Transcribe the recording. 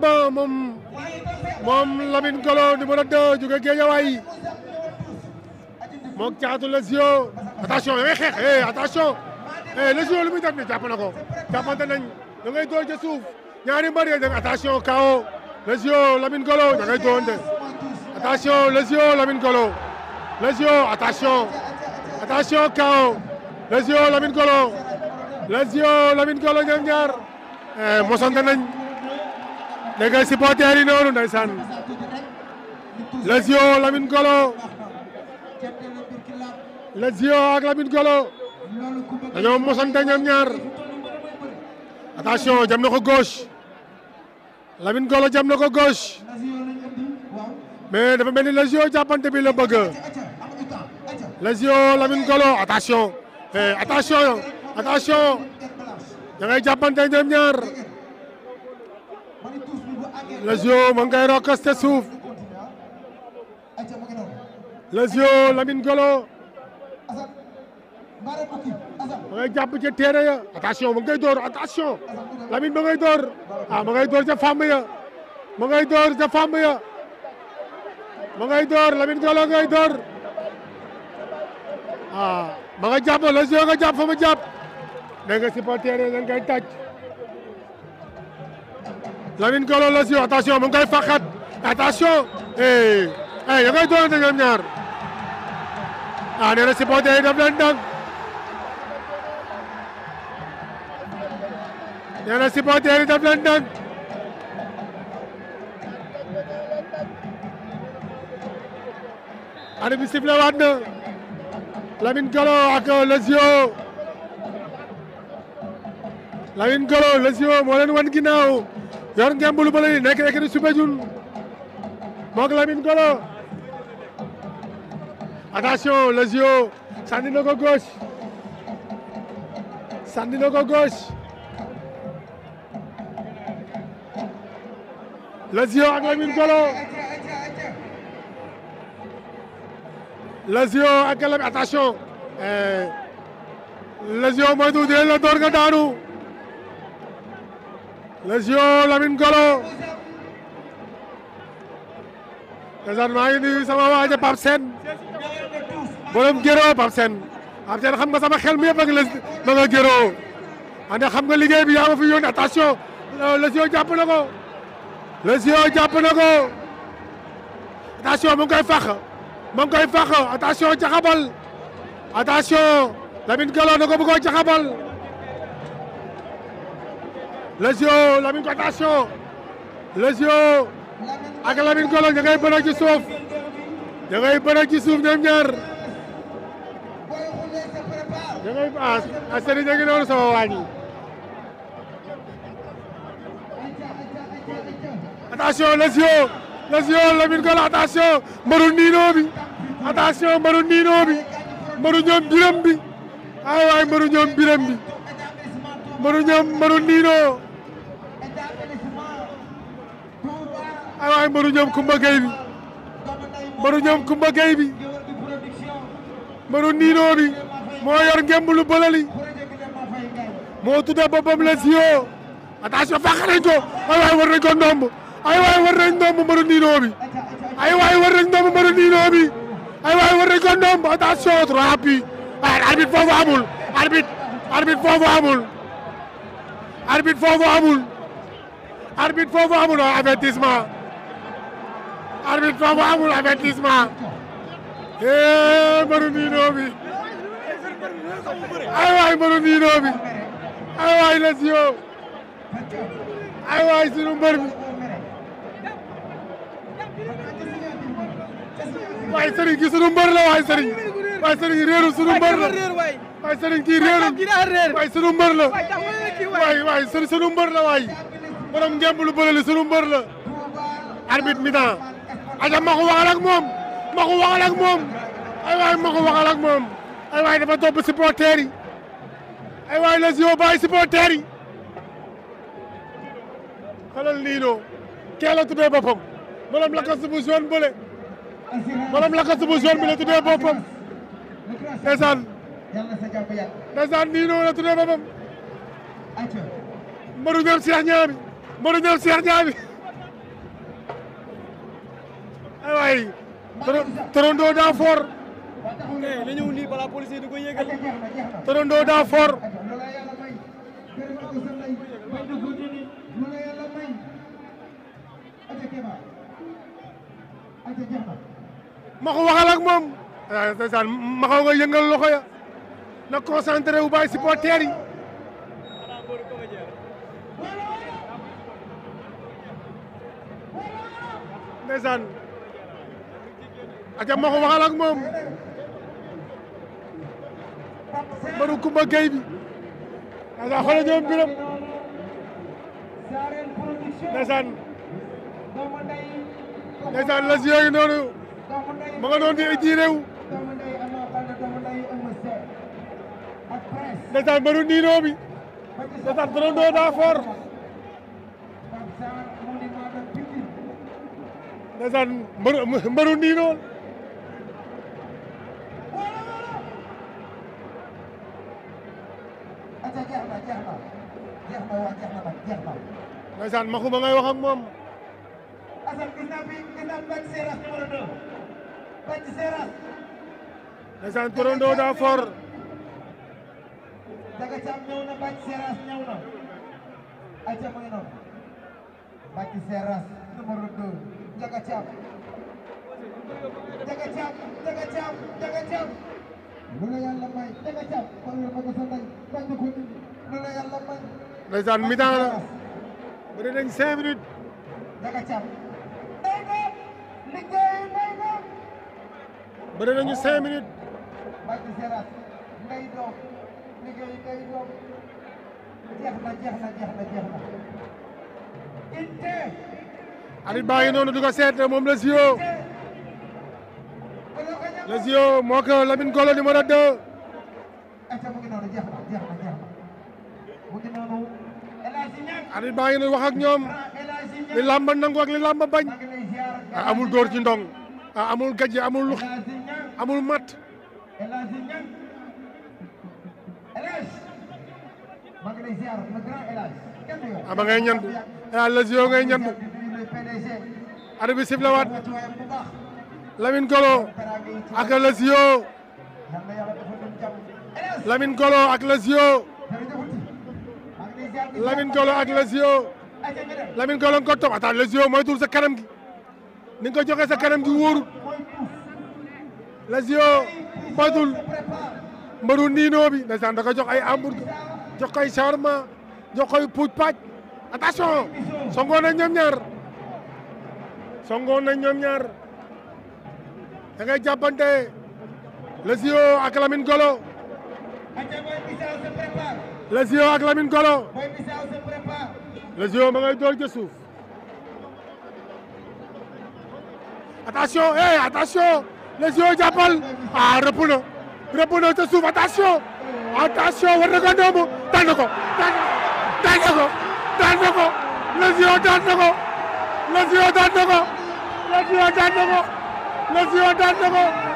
ba moom moom Lamine Golo numéro 2 jóge Géejawaay moog caatu Lazio attention da ngay xeex eh attention eh Lazio lu muy def ni jàpp na ko jàppante nañ da ngay doon ca suuf ñaari mbër yi attention KO Lazio Lamine Golo da ngay doon Golo Lazio attention attention KO Lazio Lamine Golo Lazio Lamine Golo ñaar eh, mosante dégg nga supporters yi noonu ndeysaan Lazio Lamine Golo Lazio ak Lamine Golo dañoo mosante ñoom ñaar attention jam na ko gauche Lamine Golo jam na ko gauche mais dafa mel ni Lazio jàppante bi la bëgg Lazio Lamine Golo attention eh attention attention da ngay jàppante Lazio ma ngay rokkas te suuf Lazio Lamine Golo ma ngay jàpp ca téere ya attention ma ngay door attention Lamine ma ngay door ah ma ngay door ca fàmb ya ma ngay door ca fàmb ya ma ngay door Lamine Golo ngay door ah ma nga jàpp Lazio nga jàpp fa ma jàpp da nga supporter ya ngay tàcc Lamine Golo la si attention mu ngi koy faxat attention eh eh da ngay doonante ñoom ñaar ah, na supporter yi daf leen dang nee na supporter yi daf leen dang arbitre bi sifflé waat na Lamine Golo ak moo leen wan ginnaaw yor ngemb lu bëri nekk écurie Soumbédioune moog Lamine Golo attention le Zio sànni na ko gauche sànni na ko gauche le Zio ak Lamine Golo le Zio ak Lamine attention eh, le Zio moytu dinañ la door nga daanu. Légion Lamine Golo ndeysaan maa ngi nuyu sama waaja Pape Sène borom géroo Pape Sène Pape Sène xam nga sama xel mi yëpp ak les ma nga xam nga liggéey bi yaa ma fi yónni attention Légion jàpp na ko Légion jàpp na ko attention mu ngi koy fàq mu ngi koy fàq Golo na ko bëggoon jaxabal Lazio Lamine ko attention Lazio ak Lamine ko la da ngay bëre ci suuf da ngay bëre ci suuf ñoom ñaar da ngay ah Assaini da ngi noonu sama waa ñi attention Lazio Lazio Lamine ko la attention mbaru niinoo bi attention mbaru niinoo bi mbaru ñoom biram bi ah, ay ñoom biram bi mbaru ñoom mbaru niinoo ay mbaru ñoom Kumba Gay bi mbaru ñoom Kumba Gay bi mbaru niinoo bi moo yor ngemb lu bëlali moo tudda boppam la sio e attention fàq nañ ko ay waay war nañ ko ndomb ay waay war nañ ndomb mbaru niinoo bi ay waay war nañ ndomb mbaru niinoo bi ay waay war nañ ko ndomb attention trop rapide ay ah, arbitre foofu amul arbitre arbitre foofu amul arbitre foofu amul arbitre foofu amul avertissement arbitre boobu amul avertissement eh mbaru niinoo bi ay waay mbaru niinoo bi ay waay Lazio ay waay sunu mbër bi waay sëriñ ki sunu mbër la waay sëriñ waay sëriñ réeru sunu mbër la waay sëriñ kii réeru waay sunu mbër la waay waay sunu mbër la waay borom ngemblu bële sunu mbër la arbitre mi-temps aja ma ko waxal moom ma ko waxal ak moom ay waay ma ko waxal moom ay waay dafa topp supporter ay waay la si yow bàyyi supporter yi xalal lii noo kee la tuddee boppam maanaam lakas bu zone bële maanaam lakas bu zone la tuddee boppam ndeysaan ndeysaan nii noo la tuddee boppam mbaru waay torondoo daa fort eh, na ñëw nii balaa police yi di ko yëgal torondoo daa fort ma ko waxal ak moom waaw eh, ndeysaan ma xaw nga yëngal loxo ya na concentré wu bàyyi supporter yi ndeysaan aca ma moom mbaru Kumba Gey bi asa biram ndeysaan ndeysaan las yooyu noonu di ji réew ndeysaan mbaru niinoo bi ndeysaan trondoo daa fort ndeysaan jeex na jeex na jeex na waa jeex na man na. ndeysaan Makhouba ngay fi gis naa Bathie Seras daa fort. Daga Thiam ñëw na Bathie Seras ñëw na. ayca mu ngi noonu. Bathie Seras numéro 2 Daga Thiam. Daga Thiam Daga Thiam Daga Thiam. lu la yàlla may Daga Thiam xoolal ma ko sa ndey ndeysaan mi temps la bëri nañ cinq minutes bëri nañu cinq minutes arit baa ngi noonu di ko seet moom Lazio Lazio moo ko Lamine Golo numéro 2 arbitre baa ngi nuy wax ak ñoom li làmba nangu ak li làmba bañ ah, amul dóor ci ndong ah, amul gajj amul luxi amul matt ama ah, ngay ñandu El Hadj yoo ngay bi sifle waat Lamine Golo ak El Hadj Golo ak El Lamine Golo ak Lazio Lamine Golo nga ko topp attaque Lazio moytuwul sa kanam gi ni nga ko sa kanam gi wóorul Lazio moytuwul mbaru niinoo bi ndeysaan da ko jox ay hamburger jox koy shawarma jox koy puuj paaj attention songoon nañ ñoom ñaar songoon nañ ñoom ñaar da ngay jàppante Lazio ak Lamine Golo Lazio ak Lamine Golo Lazio ma ngay door ca suuf attention eh attention Lazio jàppal ah rëpp na rëpp na ca suuf attention attention war na ko ndóobu daan na ko daan na